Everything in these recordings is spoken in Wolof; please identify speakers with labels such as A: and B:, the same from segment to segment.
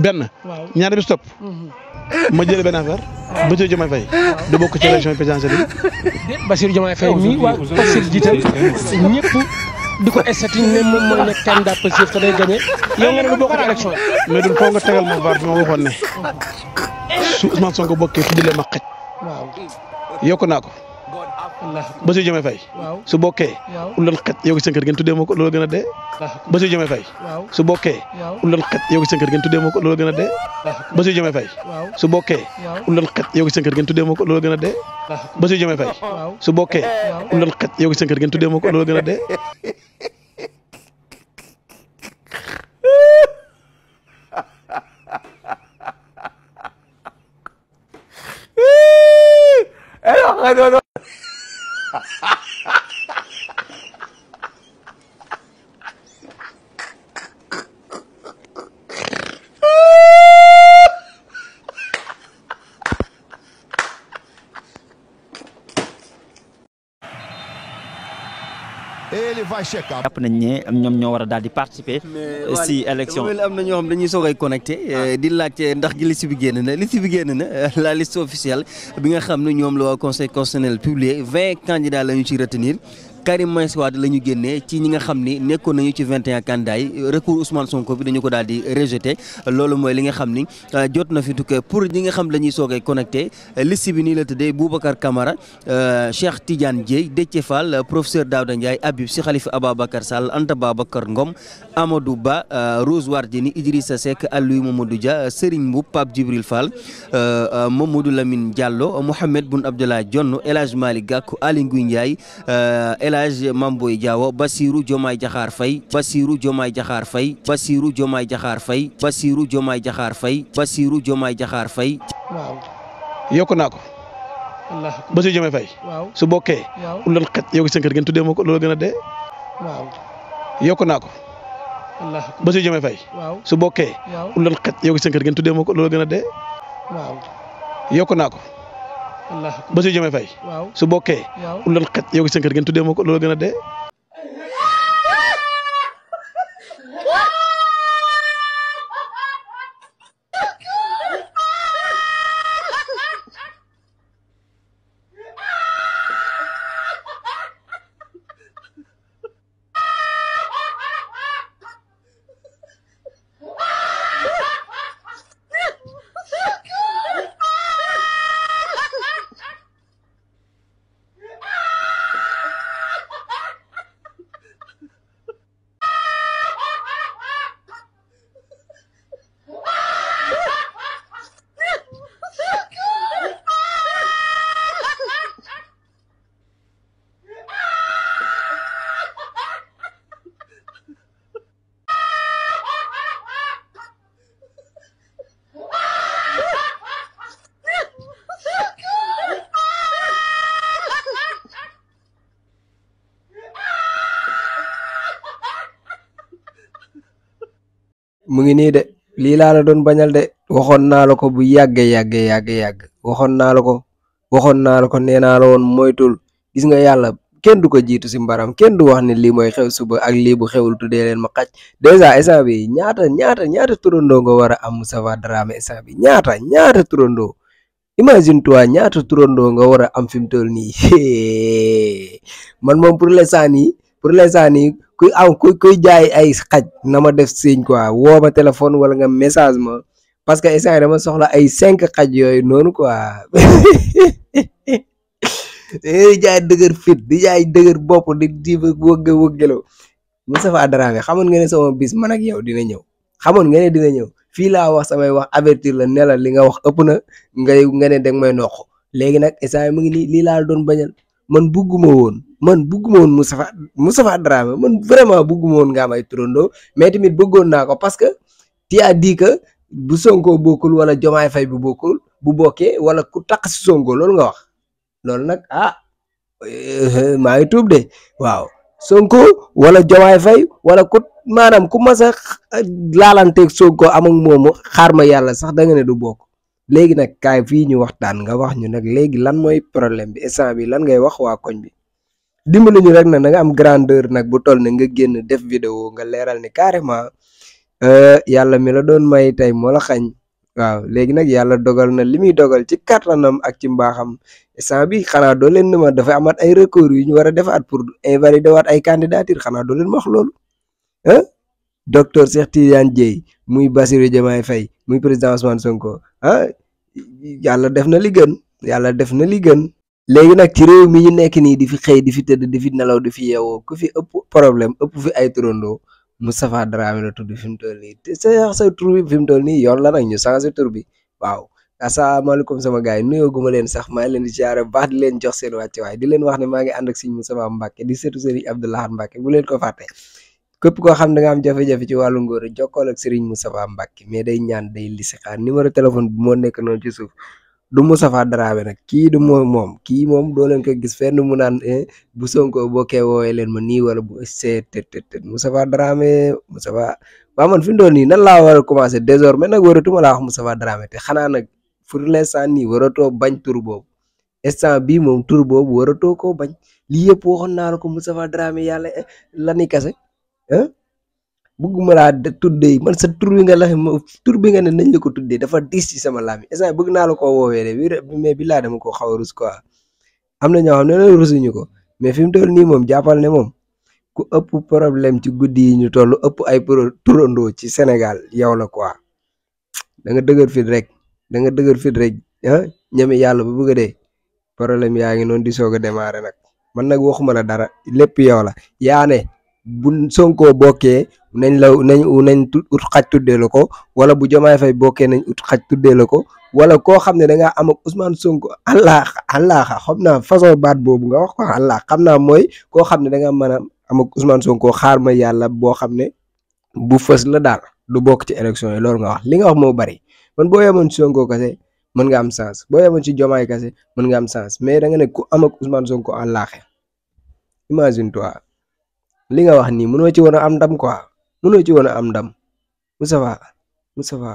A: benn. ñaar bis topp. Mhm. ma jël benn affaire. Bassirou Diomaye Faye. du bokk ci élection présidentielle bi. Bassirou Diomaye Faye mii waa Pastef jiital ñëpp di ko estati ne moom mooy nekk candidat Pastef te day gagné yow nga ne du bokk ci élection yi. du foog nga tegal ma var bi ma waxoon ne. su Ousmane Sonko bokkee tuddee ma xaj. waaw yokk naa ko. Bassirou Diomaye Faye su bokkee ulal xet yow gi seen kër ngeen tuddee ma ko loolu gën a dee Bassirou Diomaye Faye su bokkee ulal xet yow gi seen kër ngeen tuddee ma ko loolu gën a dee Bassirou Diomaye Faye su bokkee ulal xet yow gi seen kër ngeen tuddee ma ko loolu gën a dee Bassirou Diomaye Faye su bokkee ulal xet yow gi seen kër ngeen tuddee ma ko loolu gën a
B: dee
C: jàpp nañ ne ñoom ñoo war a daal di participer si élection am
D: na ñoo xam dañuy soog ay connecté ah. eh, di laajte ndax gi liste bi génn na liste bi génn na la liste officielle bi nga xam ne ñoom la waa conseil constitutionnel publié vingt candidats la ñu ci retenir Karim Meïssa Wade la ñu génnee ci ñi nga xam ni nekkoon nañu ci 21 candidats yi recours Ousmane Sonko bi dañu ko daal di loolu mooy li nga xam ni euh, jot na fi tukkee pour ñi nga xam dañuy soogay connecté liste bi nii la tëddee Boubacar Camara euh, Cheikh Tidiane Dieye Déthié Fall professeur Daouda Ndiaye Habib Sy Khalifa Ababacar Sall Anta Babacar Ngom Amadou Ba euh, Rose Wardini Idrissa Seck Aliou Mamadou Dia Serigne Mboup Pape Djibril Fall Mamadou Lamine Diallo Mohamed Boun Abdallah Dionne El Hadj Malick Gakou Aly Ngouille Ndiaye El Hadj Mame Boye Diao Bassirou Diomaye Diakhar Faye Bassirou Diomaye Diakhar Faye Bassirou fay Diakhar Faye Bassirou Diomaye Diakhar Faye Bassirou Diomaye Diakhar Faye waaw yokk naa
A: ko Bassirou Diomaye Faye su bokkee ulal xet yow seen kër ngeen tuddee ma ko loolu gën a yokk naa ko Bassirou Diomaye Faye su bokkee ulal xet yow seen ko loolu gën a dee ko Bassirou Diomaye Faye su bokkee ulal xaj yow gi seen kër ngeen tuddee ma ko loolu gën a dee
D: mu ngi nii de lii doon bañal de waxoon naa la ko bu yàgge yàgge yàgge yàgg waxoon naa la ko waxoon naa la ko nee naa la woon moytul gis nga yàlla kenn du ko jiitu si mbaram kenn du wax ne lii mooy xew suba ak lii bu xewul tuddee leen ma xaj dèjà instant ñaata ñaata ñaata turandoo nga war a am Moustapha Dramé instant bi ñaata ñaata turandoo imagine toi ñaata turandoo nga war am fi mu toll man moom pour l'instant nii nii kuy aw ku jaay ay xaj na ma def signe quoi woo ma téléphone wala nga message ma parce que instant ma soxla ay cinq xaj yooyu noonu quoi eh, di jaay dëgër fit di jaay dëgër bopp di di wëgge wëggeloo Moustapha Dramé xamoon nga ne sama bis man ak yow dina ñëw xamoon nga ne dina ñëw fii laa wax samay wax avertir la ne la li nga wax ëpp na nga nga ne danga may noq léegi nag instant mu ngi nii lii laa doon bañal man bugguma woon man bugguma woon Moustapha Moustapha Dramé man vraiment bugguma woon nga am ay turandoo mais tamit bëggoon naa ko parce que tu as bu Sonko bokkul wala Jomaay Fay bu bokkul bu bokkee wala ku taq si Sonko loolu nga wax loolu nag ah euh, euh, maa ngi tuub de waaw Sonko wala Jomaay Fay wala ku maanaam ku mas a laalanteeg Sonko am ak moomu xaar ma yàlla sax da nga ne du bokk. léegi nag kaay fii ñu waxtaan nga wax ñu nag léegi lan mooy problème bi instant bi lan ngay wax waa koñ bi dimbali ñu rek nag da am grandeur nag bu toll ne nga génn def vidéo nga leeral ni carrément euh, yàlla mi la doon may tey moo xañ waaw léegi nag yàlla dogal na li muy dogal ci kattanam ak ci mbaaxam instant bi xanaa doo leen ne dafa amat ay recours yu ñu war a defaat pour invalider waat ay candidature xanaa doo leen wax loolu ah docteur Cheikh Tidiane Dièye muy Bassirou Diomaye Faye muy président Ousmane Sonko ah yàlla def na ligën gën yàlla def na li gën léegi nag ci réew mi ñu nekk nii di fi xëy di fi tëdd di fi nelaw di fi yeewoo ku fi ëpp problème ëpp fi ay turandoo Moustapha Dramé la tudd fi mu toll nii te sa sa tur fi mu toll nii yoon la nag ñu changé tur bi waaw asalaamaaleykum sama gars yi nuyoo gu ma leen sax maa ngi leen di ziare baax di leen jox seen wàccuwaay di leen wax ne maa ngi ànd ak sëñ Moustapha Mbacke di seetu sëriñ Abdoulahat Mbacke bu leen ko fàtte képp koo xam da nga am jafe-jafe ci wàllu ngóor jokkool ak sëriñ Moustapha Mbacke mais day ñaan day listixaar numéro téléphone bi moo nekk noonu ci suuf du Moustapha Dramé nag kii du moom moom kii moom doo leen ko gis fenn mu naan eh, bu Sonko bokkee woowee leen ma nii wala bu eh, seet tët tët Moustapha Dramé Moustapha waaw man fi mu doon nii nan laa war a commencé désormais nag waratuma laa wax Moustapha Dramé te xanaa nag pour l'instant nii waratoo bañ tur boobu instant bi moom tur boobu waratoo ko bañ lii yëpp waxoon naa la ko Moustapha Dramé yàlla eh, lani kase bëgguma laa tuddee man sa tur bi nga la tur bi nga ne nañ la ko tuddee dafa diis ci sama laam yi instant bëgg ko la koo woowee de mais bi laa dama ko xaw a rus quoi am na ñoo xam ne la rusuñu ko mais fi mu toll nii moom jàppal ne moom ku ëpp problème ci guddi yi ñu toll ëpp ay pro turandoo ci senegal yow la quoi da nga dëgër fit rek da nga dëgër fit rek ah, ñeme yàlla bu bëgg a dee problème yaa ngi noonu di soog a démarrer nag man nag waxuma la dara lépp yow la bu Sonko bokkee nañ la nañ nañ ut xaj tuddee la ko wala bu Jomaay Fay bokkee nañ ut xaj tuddee la ko wala koo xam ne da ngaa am ak Sonko allah allah xam naa façon baat boobu nga wax ko xam naa mooy koo xam ne da nga mën a am Sonko xaar ma yàlla boo xam ne bu fës la daal du bokk ci élection yi loolu nga wax li nga wax moo bari man boo yemoon Sonko kese mën nga am sens boo yemoon ci Jomaay kese mën nga am sens mais da nga ne ku am ak Ousmane Sonko allah imagine toi. li nga wax nii mënoo ci woon a am ndam quoi mënoo ci woon a am ndam Moustapha Moustapha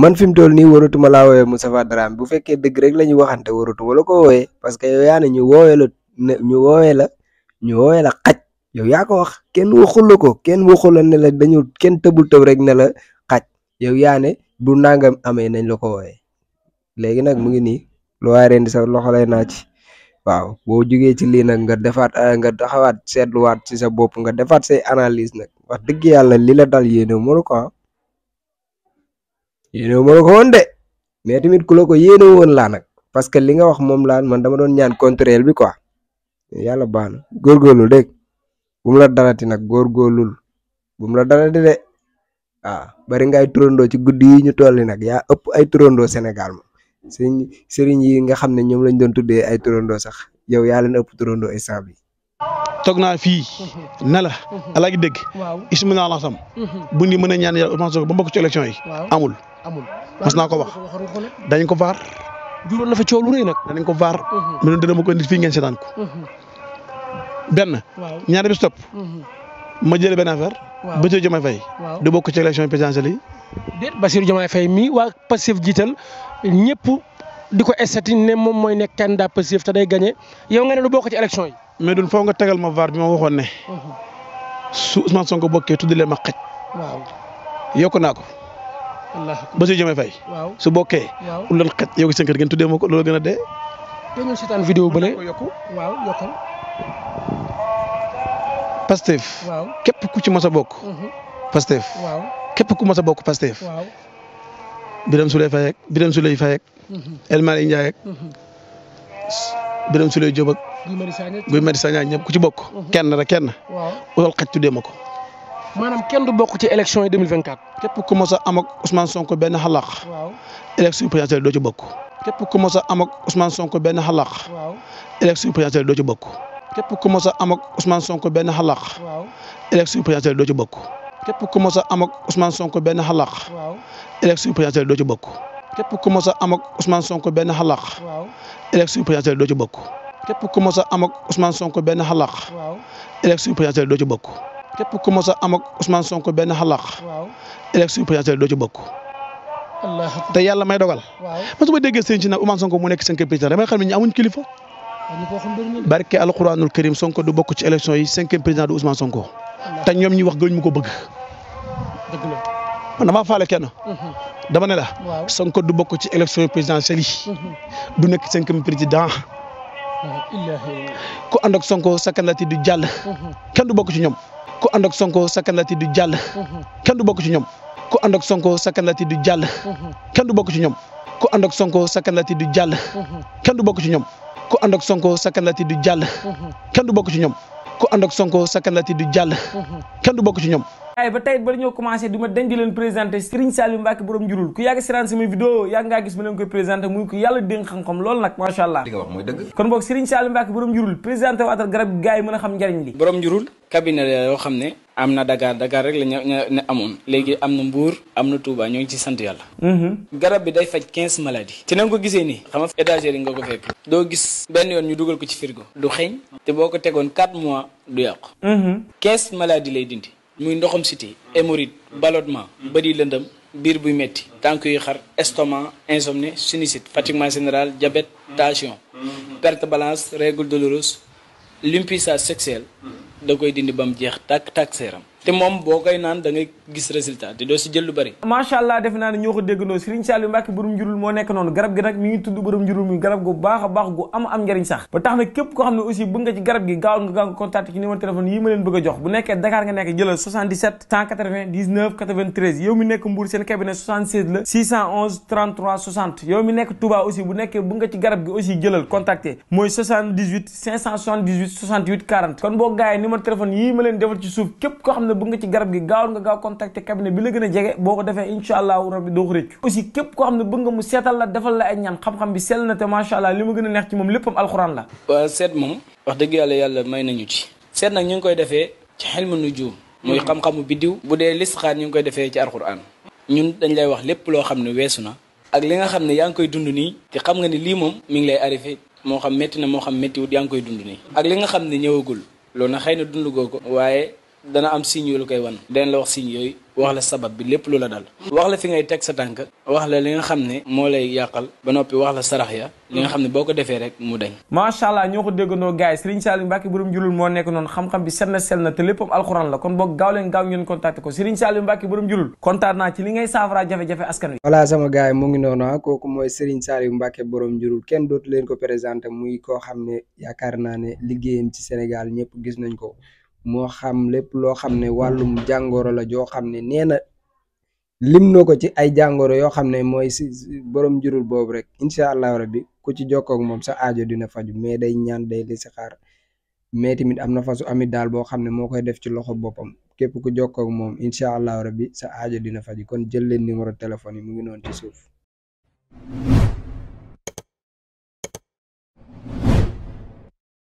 D: man fi mu toll nii waratuma laa woowee Moustapha Dramé bu fekkee dëgg rek la ñu waxante waratuma la ko woowee parce que yow yaa ne ñu woowee la ñu woowee la ñu woowee la xaj yow yaa ko wax kenn waxul la ko kenn waxul la ne la dañu kenn tëbul tëb rek ne la xaj yow yaa ne bu nangam amee nañ la ko woowee léegi nag mu ngi nii lu waay rendi sa loxo lay naa ci waaw boo jugee ci lii nag nga defaat eh, nga taxawaat seetluwaat ci sa bopp nga defaat say analyse nag wax dëgg yàlla li la dal yéene mënu ko ah yéene mënu ko woon de mais tamit ku la ko yéene woon laa nag parce que li nga wax moom laa man dama doon ñaan contrôle bi quoi yàlla baax na góorgóorlu dégg bu mu la dalati nag góorgóorlul bu mu la dalati de waaw ah, bari ngay turandoo ci guddi yi ñu tolli nag yaa ëpp ay turandoo Sénégal sëriñ sëriñ yi nga xam ne ñoom lañ doon tuddee ay turandoo sax yow yaa leen ëpp turandoo instant bi
A: toog naa fii ne la alaa gi dégg ismina la sam mhm. bu ni mën a ñaan yàlla ba mbokk ci élection yi amul mas naa ko wax dañ ko vaar juróon na fa coow lu rëy nag danañ ko vaar mu mhm. ne dana ma ko indi ngeen seetaan ko mhm. benn ñaari bis topp ma jëlee benn affaire Bassirou Diomaye Faye du ba ci élection présidentielle yi déet Bassirou Diomaye mi waa Pastef jiital ñëpp di ko estati ne moom mooy nekk candidat Pastef te day gagné yow nga ne lu bokk ci élection yi. mais duñ foog nga tegal ma var bi ma waxoon ne. su Ousmane Sonko bokkee tuddalee ma xaj. yokk naa ko. ba si jëmee fay. waaw su bokkee. waaw ulal xaj yow seen kër ngeen tuddee ma ko loolu gën képp ku ci mos a bokk. Mhm. Pastef. képp ku mos a bokk Pastef. waaw biram Souleye Faye ak Birame Souleye Faye ak. Mhm. El Malick Ndiaye ak. Mhm. Birame Souleye Diop ñëpp ku ci bokk. Mhm. kenn rek kenn. waaw loolu xaj tuddee ma ko. maanaam kenn du bokk ci élection yi 2024. képp ku mos a am ak benn xalaq. waaw élection présidentielle doo ci bokk. képp ku mos a am ak benn xalaq. waaw élection présidentielle doo ci bokk. képp ku mos a am ak benn xalaq. waaw élection doo ci bokk. képp ku mos a am ak Ousmane Sonko benn xalaq. waaw élection présidentielle doo ci bokk. képp ku mos a am ak Ousmane Sonko benn xalaq. waaw élection présidentielle doo ci bokk. képp ku mos a am ak Ousmane Sonko benn xalaq. waaw élection présidentielle doo ci bokk. képp ku mos a am ak Ousmane Sonko benn xalaq. waaw élection présidentielle doo bokk. te yàlla may dogal. waaw man su ma déggee sëñ si nag Ousmane Sonko mu nekk cinquième président damay xam ne ñi amuñ kilifa. barke alquranul karim Sonko du bokk ci élection yi cinquième président du Ousmane Sonko. te ñoom ñi wax ga mu ko bëgg. dëgg la man damaa mhm. dama ne la. waaw Sonko du bokk ci élection présidentielle yi. Mhm. du nekk cinquième président. ku ànd ak Sonko sa candidature du jàll. kenn du bokk ci ñoom. ku ànd ak Sonko sa candidature du kenn du bokk ci ñoom. ku ànd ak Sonko sa candidature du jàll. Mhm. kenn du bokk ci ñoom. ku ànd ak Sonko sa candidature du kenn du bokk ci ñoom. ku ànd ak Sonko sa jàll. kenn bokk ci ñoom. ku ànd ak Sonko sa kandidat du jàll. Mhm. kenn du bokk ci ñoom.
C: ba tey ba ñoo
A: commencé du ma dañ di leen présenté Serigne
C: njurul ku yàgg siraan sama muy ko yàlla dénk xam-xam loolu nag macha allah. kon boog Serigne Saliou Mbacke borom njurul présenté waatal garab gi gars a xam njariñ li. borom njurul.
E: cabinet la yoo xam ne am na Dakar Dakar rek la ñu amoon léegi am na Mbour am na Touba ñoo ngi ci sant yàlla. Mm-hmm. garab bi day faj quinze maladies. ci na ko gisee nii xam nga étagère yi nga ko fekk. doo gis benn yoon ñu dugal ko ci frigo. du xeeñ te boo ko tegoon quatre mois du yàqu. Mm-hmm. quinze maladies lay dindi. muy ndoxam cité hémorroïde ballonnement bëri lëndëm biir buy metti tànk yu xar estomac insomnie sinusite fatiguement général diabète tension mm-hmm. perte balance règle douloureuse limpissage sexuel da koy dindi ba mu jeex tàkk tàkk seeram te moom boo koy naan da ngay gis résultat te doo si jël lu bëri
C: macha allah defe naa ne ñoo ko déggandoo Serigne Saliou Mbacke borom njurul moo nekk noonu garab gi nag mi ngi tudd borom njurul muy garab a baax gu am gi gaawal nga gaaw nga nekk ci garab gi aussi ma leen defal ci suuf képp koo xam ne bëgg la gën ko defee incha allahu rabbi li ma gën a neex ci moom léppam alxuraan la
E: waaw seet moom wax dëgg yàlla yàlla may nañu ci seet nag ñu ngi koy defee ci xilmu nujum muy xam-xamu biddiw bu dee listixaar ñu ngi koy defee ci alxuraan ñun dañ lay wax lépp loo xam ne weesu na ak li nga xam ne yaa ngi koy dund nii te xam nga ni lii moom mi ngi lay arrivé moo xam metti na moo xam méttiwut yaa ngi koy dund nii ak li nga xam ne ñëwagul loolu na xëy na dund goo ko waaye dana am signe yooyu lu koy wan dana la wax signe yooyu wax la sabab bi lépp lu la dal wax la fi ngay teg sa tànk wax la li nga xam ne moo lay yàqal ba noppi wax la sarax ya li nga xam ne boo ko defee
C: rek mu dañ macha allah ñoo ko déggandoo gars yi Serigne borom julul moo nekk noonu xam-xam bi sel na sel na te léppam alxuraan la kon boog gaaw leen gaaw ngeen contacté ko Serigne Saliou Mbacke borom julul kontaan naa ci li ngay saafara jafe-jafe askan wi voilà
D: sama gars yi mu ngi noonu ah, kooku mooy Serigne Saliou Mbacke borom julul kenn dootu leen ko muy koo xam ne yaakaar naa ne liggéeyam ci Sénégal ñëpp gis nañ ko moo xam lépp loo xam ne wàllum jàngoro la joo xam ne nee na lim ko ci ay jàngoro yoo xam ne mooy si borom jurul boobu rek incha allahu rabbi ku ci jokkoog moom sa aajo dina faju mais day ñaan day listixaar mais tamit am na fasu amit daal boo xam ne moo koy def ci loxo boppam képp ku jokkoog moom incha allahu rabbi sa aajo dina faju kon jël leen numéro téléphone yi mu ngi noonu ci suuf